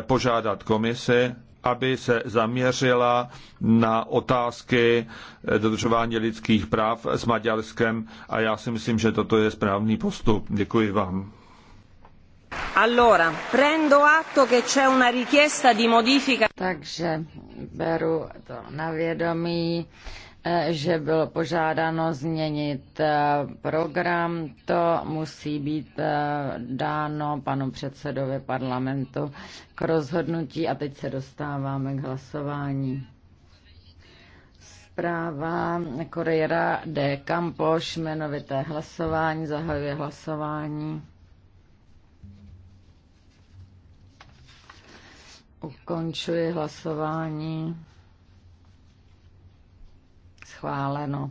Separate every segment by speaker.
Speaker 1: požádat komisi, aby se zaměřila na otázky dodržování lidských práv s Maďarskem a já si myslím, že toto je správný postup. Děkuji vám.
Speaker 2: Allora, prendo atto che c'è una richiesta di modifica. Takže beru to na vědomí. Eh, že bylo požádáno změnit eh, program. To musí být eh, dáno panu předsedovi parlamentu k rozhodnutí a teď se dostáváme k hlasování. Zpráva Corriera D Campos, jmenovité hlasování, zahajuje hlasování. Ukončuji hlasování schváleno.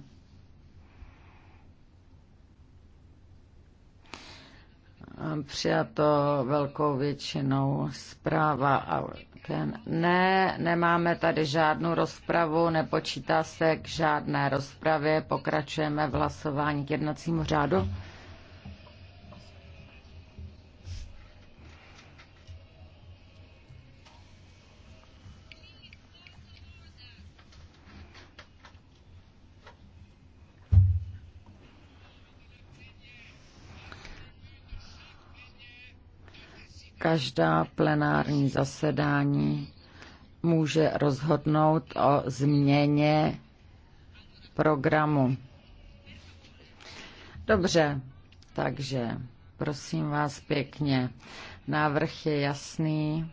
Speaker 2: Přijato velkou většinou zpráva ne, nemáme tady žádnou rozpravu, nepočítá se k žádné rozpravě, pokračujeme v hlasování k jednacímu řádu. každá plenární zasedání může rozhodnout o změně programu. Dobře, takže prosím vás pěkně. Návrh je jasný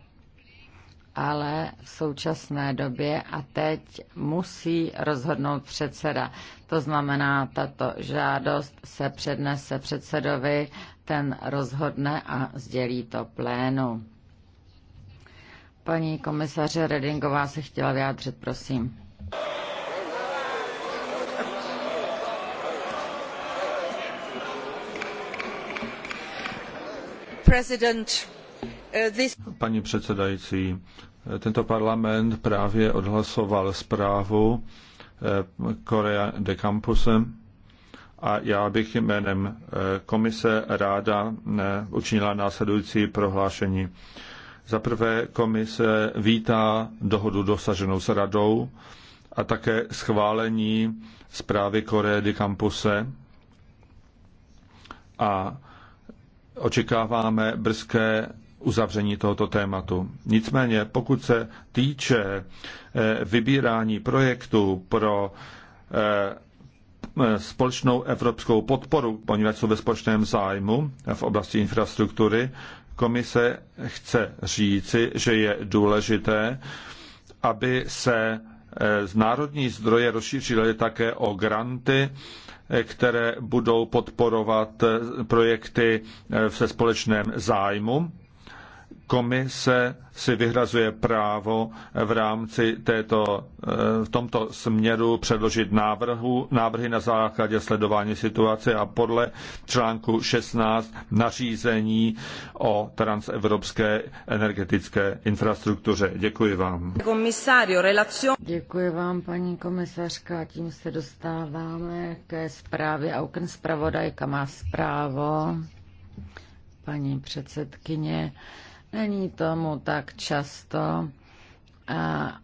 Speaker 2: ale v současné době a teď musí rozhodnout předseda. To znamená, tato žádost se přednese předsedovi, ten rozhodne a sdělí to plénu. Paní komisaře Redingová se chtěla vyjádřit, prosím. President
Speaker 1: Paní předsedající, tento parlament právě odhlasoval zprávu eh, Korea de Campusem a já bych jménem eh, komise ráda eh, učinila následující prohlášení. Za prvé komise vítá dohodu dosaženou s radou a také schválení zprávy Koreje de Campuse a očekáváme brzké uzavření tohoto tématu. Nicméně, pokud se týče eh, vybírání projektů pro eh, společnou evropskou podporu, poněvadž jsou ve společném zájmu v oblasti infrastruktury, komise chce říci, že je důležité, aby se eh, z národní zdroje rozšířily také o granty, které budou podporovat projekty se společném zájmu komise si vyhrazuje právo v rámci této, eh, v tomto směru předložit návrhu, návrhy na základě sledování situace a podle článku 16 nařízení o transevropské energetické infrastruktuře. Děkuji vám.
Speaker 2: Děkuji vám, paní komisařka. Tím se dostáváme ke zprávě. Auken zpravodajka má zprávo. Paní předsedkyně. Není tomu tak často,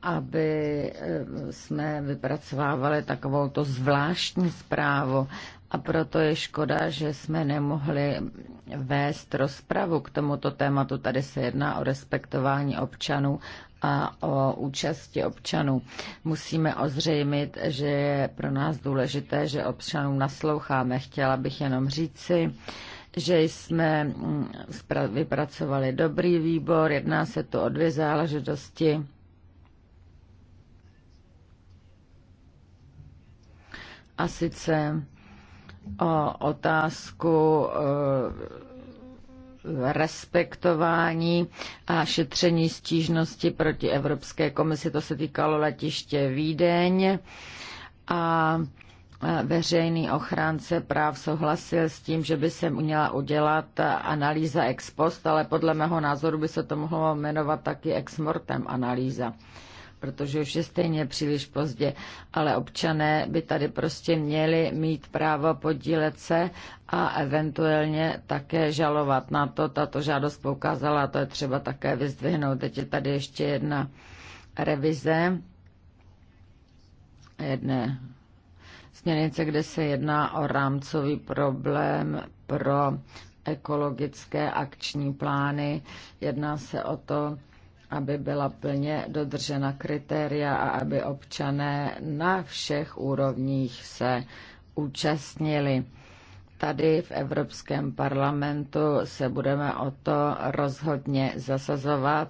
Speaker 2: aby e, jsme vypracovávali takovou to zvláštní zprávu. A proto je škoda, že jsme nemohli vést rozpravu k tomuto tématu. Tady se jedná o respektování občanů a o účasti občanů. Musíme ozřejmit, že je pro nás důležité, že občanům nasloucháme. Chtěla bych jenom říci, že jsme mm, vypracovali dobrý výbor, jedná se tu o dvě záležitosti. A sice o otázku eh, respektování a šetření stížnosti proti Evropské komisi. To se týkalo letiště Vídeň. A veřejný ochránce práv souhlasil s tím, že by se měla udělat analýza ex post, ale podle mého názoru by se to mohlo jmenovat taky ex mortem analýza protože už je stejně příliš pozdě, ale občané by tady prostě měli mít právo podílet se a eventuálně také žalovat na to. Tato žádost poukázala a to je třeba také vyzdvihnout. Teď je tady ještě jedna revize jedné směrnice, kde se jedná o rámcový problém pro ekologické akční plány. Jedná se o to, aby byla plně dodržena kritéria a aby občané na všech úrovních se účastnili. Tady v Evropském parlamentu se budeme o to rozhodně zasazovat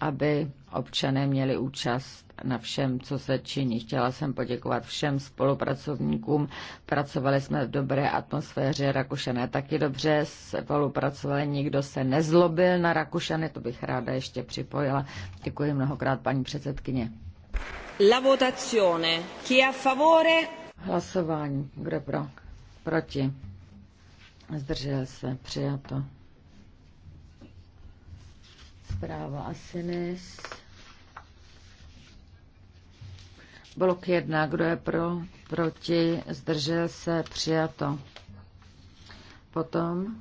Speaker 2: aby občané měli účast na všem, co se činí. Chtěla jsem poděkovat všem spolupracovníkům. Pracovali jsme v dobré atmosféře, Rakušané taky dobře spolupracovali, nikdo se nezlobil na Rakušany, to bych ráda ještě připojila. Děkuji mnohokrát, paní předsedkyně. La votazione. Chi a favore? Hlasování. Kdo pro? Proti. Zdržel se. Přijato. Zpráva asi nes. Blok 1. Kdo je pro? Proti? Zdržel se? Přijato. Potom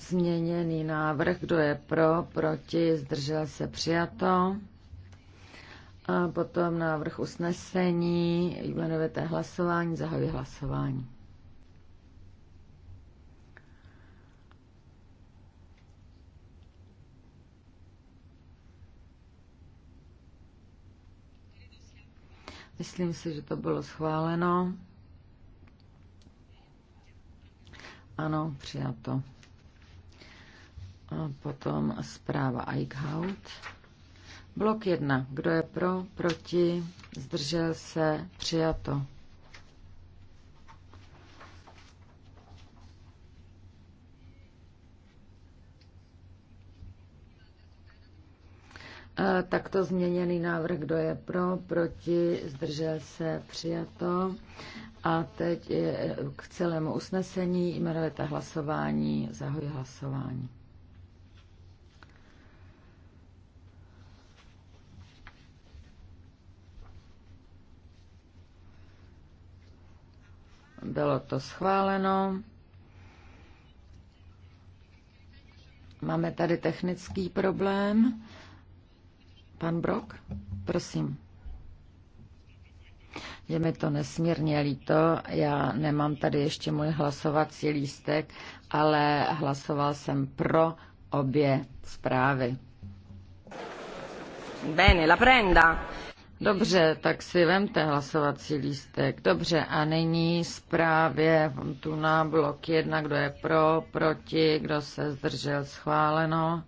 Speaker 2: změněný návrh. Kdo je pro? Proti? Zdržel se? Přijato. A potom návrh usnesení, jmenujete hlasování, zahajuje hlasování. Myslím si, že to bylo schváleno. Ano, přijato. A potom zpráva Eichhout. Blok 1. Kdo je pro, proti, zdržel se, přijato. Takto změněný návrh, kdo je pro, proti, zdržel se, přijato. A teď k celému usnesení jmenovité hlasování, zahoji hlasování. Bylo to schváleno. Máme tady technický problém. Pan Brok, prosím. Je mi to nesmírně líto, já nemám tady ještě můj hlasovací lístek, ale hlasoval jsem pro obě zprávy. Bene, la prenda. Dobře, tak si vemte hlasovací lístek. Dobře, a nyní zprávě tu na blok 1, kdo je pro, proti, kdo se zdržel, schváleno.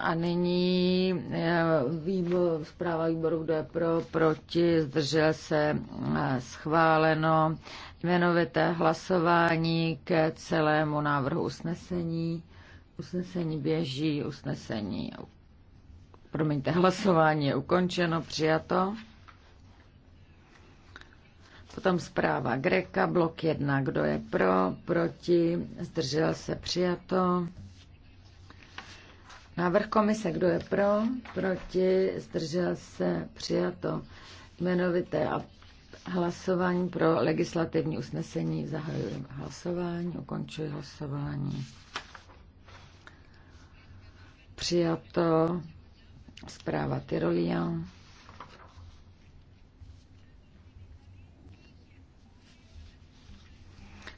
Speaker 2: A nyní eh, zpráva výboru, kdo je pro, proti, zdržel se eh, schváleno jmenovité hlasování ke celému návrhu usnesení. Usnesení běží, usnesení, promiňte, hlasování je ukončeno, přijato. Potom zpráva Greka, blok 1, kdo je pro, proti, zdržel se, přijato. Návrh komise, kdo je pro, proti, zdržel se, přijato. Jmenovité a hlasování pro legislativní usnesení. Zahajuji hlasování, ukončuji hlasování. Přijato zpráva Tyrolia.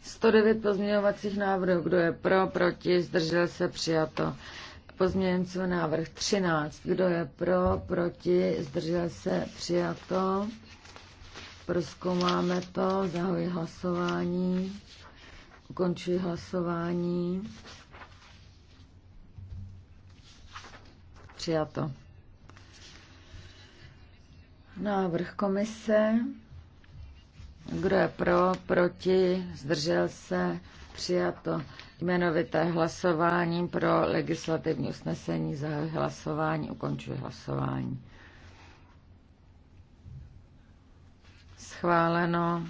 Speaker 2: Sto devět pozměňovacích návrhů. Kdo je pro, proti, zdržel se, přijato. Pozměňující návrh 13. Kdo je pro, proti, zdržel se, přijato. Proskoumáme to, zahoji hlasování, ukončuji hlasování. Přijato. Návrh komise. Kdo je pro, proti, zdržel se, přijato. Jmenovité hlasování pro legislativní usnesení za hlasování ukončuje hlasování. Schváleno.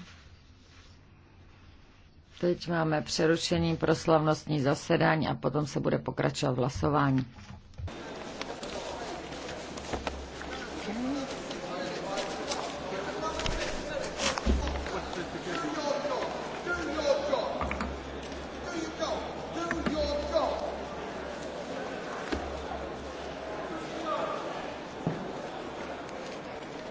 Speaker 2: Teď máme přerušení pro slavnostní zasedání a potom se bude pokračovat v hlasování.